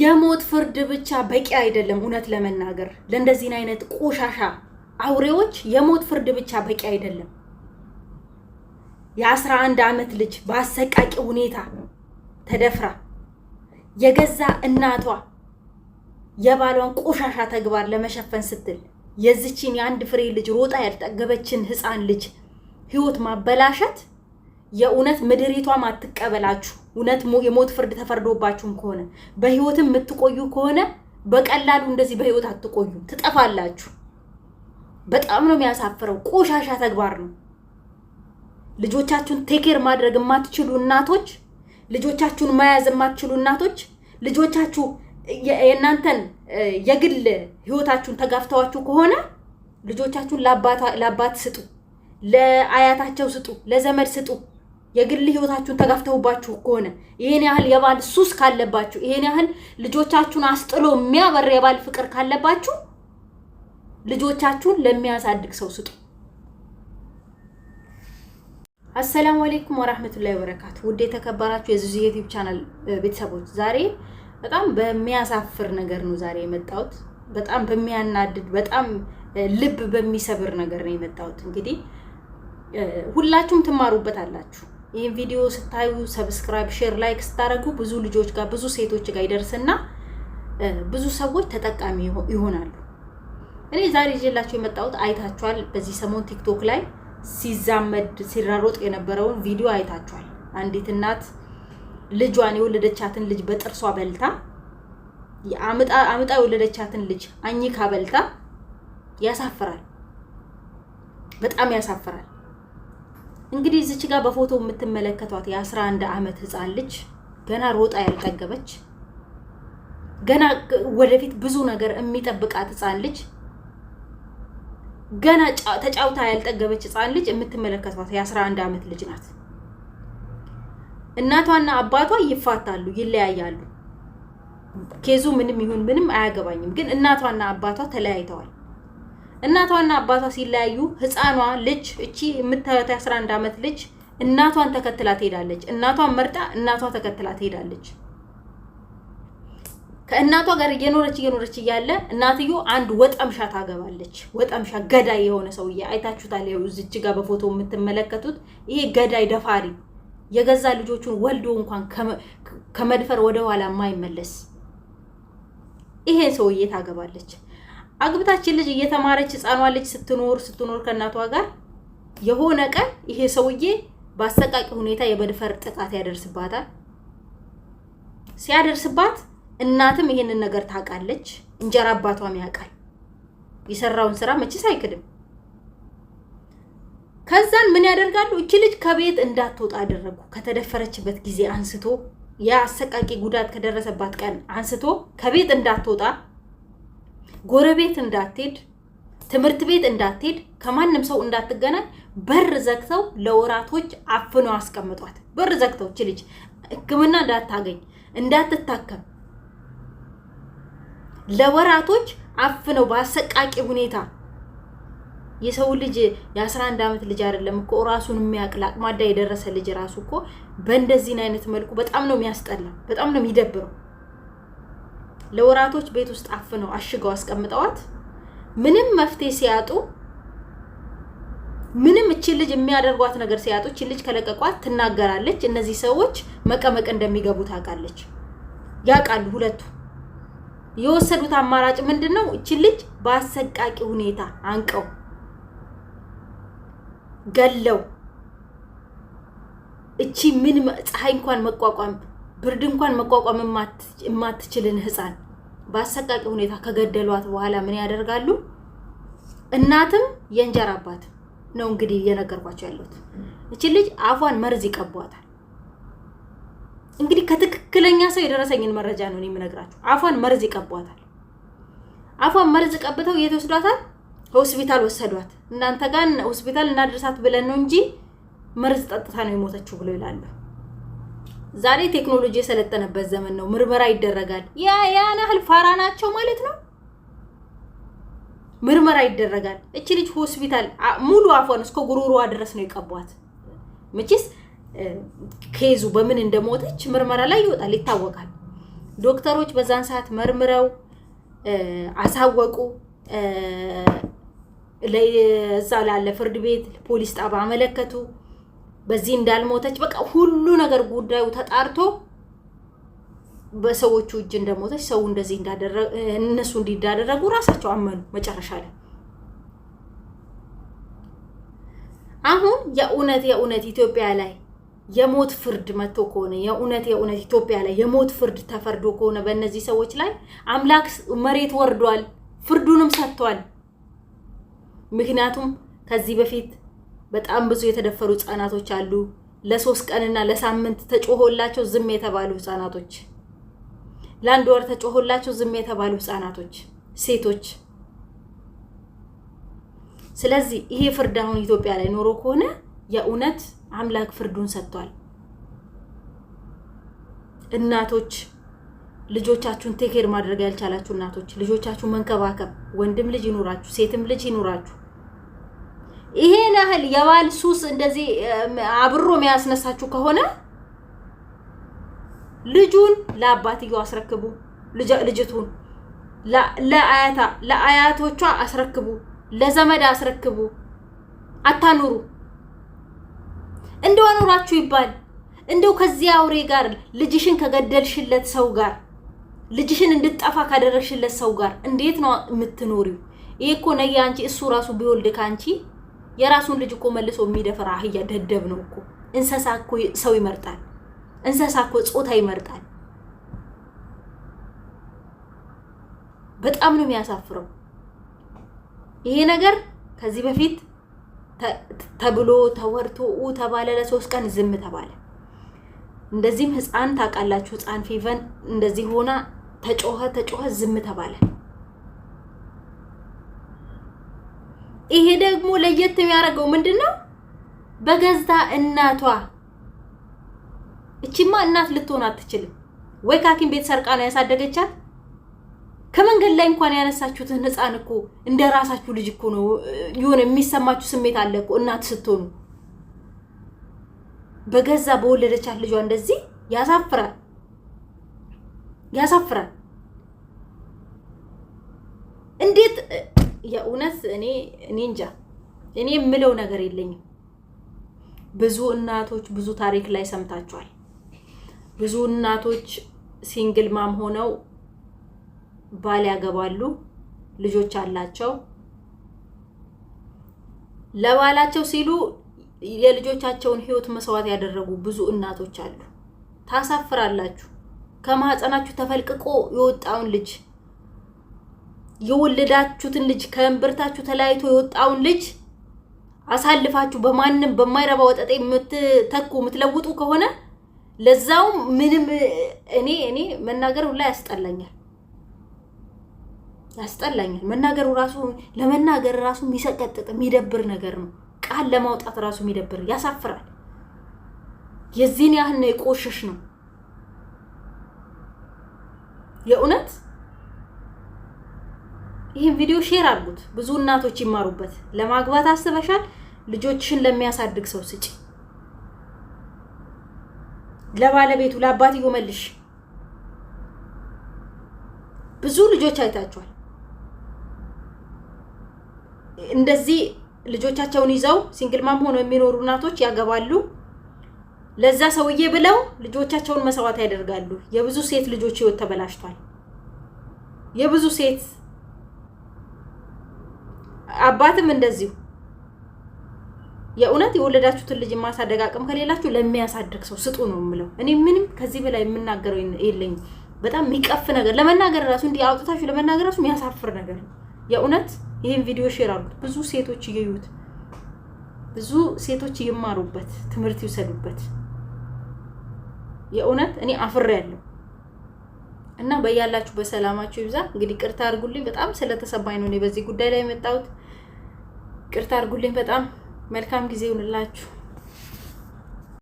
የሞት ፍርድ ብቻ በቂ አይደለም። እውነት ለመናገር ለእንደዚህን አይነት ቆሻሻ አውሬዎች የሞት ፍርድ ብቻ በቂ አይደለም። የአስራ አንድ ዓመት ልጅ በአሰቃቂ ሁኔታ ተደፍራ የገዛ እናቷ የባሏን ቆሻሻ ተግባር ለመሸፈን ስትል የዚችን የአንድ ፍሬ ልጅ ሮጣ ያልጠገበችን ህፃን ልጅ ህይወት ማበላሸት የእውነት ምድሪቷም አትቀበላችሁ። እውነት የሞት ፍርድ ተፈርዶባችሁም ከሆነ በህይወትም የምትቆዩ ከሆነ በቀላሉ እንደዚህ በህይወት አትቆዩ፣ ትጠፋላችሁ። በጣም ነው የሚያሳፍረው። ቆሻሻ ተግባር ነው። ልጆቻችሁን ቴኬር ማድረግ የማትችሉ እናቶች፣ ልጆቻችሁን መያዝ የማትችሉ እናቶች፣ ልጆቻችሁ የእናንተን የግል ህይወታችሁን ተጋፍተዋችሁ ከሆነ ልጆቻችሁን ለአባት ስጡ፣ ለአያታቸው ስጡ፣ ለዘመድ ስጡ። የግል ህይወታችሁን ተጋፍተውባችሁ ከሆነ ይሄን ያህል የባል ሱስ ካለባችሁ ይሄን ያህል ልጆቻችሁን አስጥሎ የሚያበር የባል ፍቅር ካለባችሁ ልጆቻችሁን ለሚያሳድግ ሰው ስጡ። አሰላሙ አሌይኩም ወራህመቱላሂ ወበረካቱ። ውድ የተከበራችሁ የዙዚ ዩቲዩብ ቻናል ቤተሰቦች ዛሬ በጣም በሚያሳፍር ነገር ነው ዛሬ የመጣሁት። በጣም በሚያናድድ በጣም ልብ በሚሰብር ነገር ነው የመጣሁት። እንግዲህ ሁላችሁም ትማሩበት አላችሁ ይህን ቪዲዮ ስታዩ ሰብስክራይብ፣ ሼር፣ ላይክ ስታደርጉ ብዙ ልጆች ጋር ብዙ ሴቶች ጋር ይደርስና ብዙ ሰዎች ተጠቃሚ ይሆናሉ። እኔ ዛሬ ይዤላችሁ የመጣሁት አይታችኋል። በዚህ ሰሞን ቲክቶክ ላይ ሲዛመድ ሲራሮጥ የነበረውን ቪዲዮ አይታችኋል። አንዲት እናት ልጇን የወለደቻትን ልጅ በጥርሷ በልታ አምጣ የወለደቻትን ልጅ አኝካ በልታ ያሳፍራል። በጣም ያሳፍራል። እንግዲህ እዚች ጋር በፎቶ የምትመለከቷት የ11 ዓመት ህፃን ልጅ ገና ሮጣ ያልጠገበች ገና ወደፊት ብዙ ነገር የሚጠብቃት ህፃን ልጅ ገና ተጫውታ ያልጠገበች ህፃን ልጅ የምትመለከቷት የ11 ዓመት ልጅ ናት። እናቷና አባቷ ይፋታሉ፣ ይለያያሉ። ኬዙ ምንም ይሁን ምንም አያገባኝም፣ ግን እናቷና አባቷ ተለያይተዋል። እናቷና አባቷ ሲለያዩ ህፃኗ ልጅ እቺ የምታዩት 11 አመት ዓመት ልጅ እናቷን ተከትላ ትሄዳለች። እናቷን መርጣ እናቷ ተከትላ ትሄዳለች። ከእናቷ ጋር እየኖረች እየኖረች እያለ እናትዮ አንድ ወጠምሻ ታገባለች። ወጠምሻ ገዳይ የሆነ ሰውዬ አይታችሁታል። ይኸው እዚች ጋር በፎቶ የምትመለከቱት ይሄ ገዳይ ደፋሪ፣ የገዛ ልጆቹን ወልዶ እንኳን ከመድፈር ወደኋላ የማይመለስ ይሄ ሰውዬ ታገባለች። አግብታችን ልጅ እየተማረች ህፃኗ ልጅ ስትኖር ስትኖር ከእናቷ ጋር የሆነ ቀን ይሄ ሰውዬ በአሰቃቂ ሁኔታ የመድፈር ጥቃት ያደርስባታል። ሲያደርስባት እናትም ይሄንን ነገር ታውቃለች፣ እንጀራ አባቷም ያውቃል። የሰራውን ስራ መችስ አይክድም። ከዛን ምን ያደርጋሉ? እቺ ልጅ ከቤት እንዳትወጣ አደረጉ። ከተደፈረችበት ጊዜ አንስቶ የአሰቃቂ ጉዳት ከደረሰባት ቀን አንስቶ ከቤት እንዳትወጣ ጎረቤት እንዳትሄድ፣ ትምህርት ቤት እንዳትሄድ፣ ከማንም ሰው እንዳትገናኝ በር ዘግተው ለወራቶች አፍኖ አስቀምጧት። በር ዘግተው እች ልጅ ሕክምና እንዳታገኝ እንዳትታከም ለወራቶች አፍነው በአሰቃቂ ሁኔታ የሰው ልጅ የ11 ዓመት ልጅ አይደለም እኮ ራሱን የሚያቅል አቅማዳ የደረሰ ልጅ ራሱ እኮ በእንደዚህን አይነት መልኩ በጣም ነው የሚያስጠላ፣ በጣም ነው የሚደብረው። ለወራቶች ቤት ውስጥ አፍነው አሽገው አስቀምጠዋት ምንም መፍትሄ ሲያጡ ምንም እችን ልጅ የሚያደርጓት ነገር ሲያጡ እችን ልጅ ከለቀቋት ትናገራለች። እነዚህ ሰዎች መቀመቅ እንደሚገቡ ታውቃለች፣ ያውቃሉ። ሁለቱ የወሰዱት አማራጭ ምንድን ነው? እችን ልጅ በአሰቃቂ ሁኔታ አንቀው ገለው እቺ ምን ፀሐይ እንኳን መቋቋም ብርድ እንኳን መቋቋም የማትችልን ህፃን በአሰቃቂ ሁኔታ ከገደሏት በኋላ ምን ያደርጋሉ? እናትም የእንጀራ አባት ነው እንግዲህ እየነገርኳቸው ያሉት። እች ልጅ አፏን መርዝ ይቀቧታል። እንግዲህ ከትክክለኛ ሰው የደረሰኝን መረጃ ነው የምነግራችሁ። አፏን መርዝ ይቀቧታል። አፏን መርዝ ቀብተው የት ወስዷታል? ሆስፒታል ወሰዷት። እናንተ ጋር ሆስፒታል እናድርሳት ብለን ነው እንጂ መርዝ ጠጥታ ነው የሞተችው ብሎ ይላሉ። ዛሬ ቴክኖሎጂ የሰለጠነበት ዘመን ነው። ምርመራ ይደረጋል። ያ ያን ያህል ፋራ ናቸው ማለት ነው። ምርመራ ይደረጋል። እቺ ልጅ ሆስፒታል ሙሉ አፏን እስከ ጉሮሮዋ ድረስ ነው የቀቧት። ምችስ ኬዙ በምን እንደሞተች ምርመራ ላይ ይወጣል፣ ይታወቃል። ዶክተሮች በዛን ሰዓት መርምረው አሳወቁ። እዛ ላለ ፍርድ ቤት ፖሊስ ጣባ አመለከቱ። በዚህ እንዳልሞተች በቃ ሁሉ ነገር ጉዳዩ ተጣርቶ በሰዎቹ እጅ እንደሞተች ሰው እንደዚህ እነሱ እንዲህ እንዳደረጉ ራሳቸው አመኑ። መጨረሻ ላይ አሁን የእውነት የእውነት ኢትዮጵያ ላይ የሞት ፍርድ መጥቶ ከሆነ የእውነት የእውነት ኢትዮጵያ ላይ የሞት ፍርድ ተፈርዶ ከሆነ በእነዚህ ሰዎች ላይ አምላክ መሬት ወርዷል፣ ፍርዱንም ሰጥቷል። ምክንያቱም ከዚህ በፊት በጣም ብዙ የተደፈሩ ህጻናቶች አሉ። ለሶስት ቀንና ለሳምንት ተጮሆላቸው ዝም የተባሉ ህጻናቶች፣ ለአንድ ወር ተጮሆላቸው ዝም የተባሉ ህጻናቶች፣ ሴቶች። ስለዚህ ይሄ ፍርድ አሁን ኢትዮጵያ ላይ ኖሮ ከሆነ የእውነት አምላክ ፍርዱን ሰጥቷል። እናቶች ልጆቻችሁን ቴኬር ማድረግ ያልቻላችሁ እናቶች ልጆቻችሁ መንከባከብ፣ ወንድም ልጅ ይኑራችሁ፣ ሴትም ልጅ ይኑራችሁ ይሄን ያህል የባል ሱስ እንደዚህ አብሮ የሚያስነሳችሁ ከሆነ ልጁን ለአባትየው አስረክቡ። ልጅቱን ለአያታ ለአያቶቿ አስረክቡ፣ ለዘመድ አስረክቡ። አታኑሩ። እንደው አኑራችሁ ይባል እንደው ከዚያ አውሬ ጋር ልጅሽን ከገደልሽለት ሰው ጋር ልጅሽን እንድጠፋ ካደረግሽለት ሰው ጋር እንዴት ነው የምትኖሪው? ይሄ እኮ ነገ አንቺ እሱ ራሱ ቢወልድ ከአንቺ የራሱን ልጅ እኮ መልሶ የሚደፍር አህያ ደደብ ነው እኮ። እንስሳ እኮ ሰው ይመርጣል። እንስሳ እኮ ጾታ ይመርጣል። በጣም ነው የሚያሳፍረው ይሄ ነገር። ከዚህ በፊት ተብሎ ተወርቶ ተባለ፣ ለሶስት ቀን ዝም ተባለ። እንደዚህም ህፃን ታውቃላችሁ፣ ህፃን ፌቨን እንደዚህ ሆና ተጮኸ ተጮኸ ዝም ተባለ። ይሄ ደግሞ ለየት የሚያደርገው ምንድን ነው? በገዛ እናቷ እቺማ እናት ልትሆን አትችልም። ወይ ካኪም ቤት ሰርቃ ነው ያሳደገቻት። ከመንገድ ላይ እንኳን ያነሳችሁትን ህፃን እኮ እንደ ራሳችሁ ልጅ እኮ ነው የሆነ የሚሰማችሁ ስሜት አለ እኮ እናት ስትሆኑ። በገዛ በወለደቻት ልጇ እንደዚህ ያሳፍራል፣ ያሳፍራል። እንዴት የእውነት እኔ እኔ እንጃ እኔ የምለው ነገር የለኝም። ብዙ እናቶች ብዙ ታሪክ ላይ ሰምታችኋል። ብዙ እናቶች ሲንግል ማም ሆነው ባል ያገባሉ፣ ልጆች አላቸው። ለባላቸው ሲሉ የልጆቻቸውን ህይወት መስዋዕት ያደረጉ ብዙ እናቶች አሉ። ታሳፍራላችሁ። ከማህፀናችሁ ተፈልቅቆ የወጣውን ልጅ የወለዳችሁትን ልጅ ከእንብርታችሁ ተለያይቶ የወጣውን ልጅ አሳልፋችሁ በማንም በማይረባ ወጠጤ የምትተኩ የምትለውጡ ከሆነ ለዛውም ምንም እኔ እኔ መናገር ሁላ ያስጠላኛል ያስጠላኛል። መናገሩ ራሱ ለመናገር ራሱ የሚሰቀጥጥ የሚደብር ነገር ነው። ቃል ለማውጣት ራሱ የሚደብር ያሳፍራል። የዚህን ያህል ነው የቆሸሽ ነው የእውነት ይህን ቪዲዮ ሼር አድርጉት፣ ብዙ እናቶች ይማሩበት። ለማግባት አስበሻል? ልጆችሽን ለሚያሳድግ ሰው ስጪ። ለባለቤቱ ለአባትዮ መልሽ። ብዙ ልጆች አይታችኋል። እንደዚህ ልጆቻቸውን ይዘው ሲንግል ማም ሆነው የሚኖሩ እናቶች ያገባሉ። ለዛ ሰውዬ ብለው ልጆቻቸውን መስዋዕት ያደርጋሉ። የብዙ ሴት ልጆች ህይወት ተበላሽቷል። የብዙ ሴት አባትም እንደዚሁ የእውነት የወለዳችሁትን ልጅ የማሳደግ አቅም ከሌላችሁ ለሚያሳድግ ሰው ስጡ ነው የምለው። እኔ ምንም ከዚህ በላይ የምናገረው የለኝ። በጣም የሚቀፍ ነገር ለመናገር ራሱ እንዲህ አውጥታችሁ ለመናገር ራሱ የሚያሳፍር ነገር ነው። የእውነት ይህን ቪዲዮ ሼር አሉት፣ ብዙ ሴቶች እየዩት፣ ብዙ ሴቶች ይማሩበት፣ ትምህርት ይውሰዱበት። የእውነት እኔ አፍሬ ያለው እና በያላችሁ በሰላማችሁ ይብዛ። እንግዲህ ቅርታ አርጉልኝ፣ በጣም ስለተሰባኝ ነው እኔ በዚህ ጉዳይ ላይ የመጣሁት። ቅርታ አርጉልኝ። በጣም መልካም ጊዜ ይሁንላችሁ።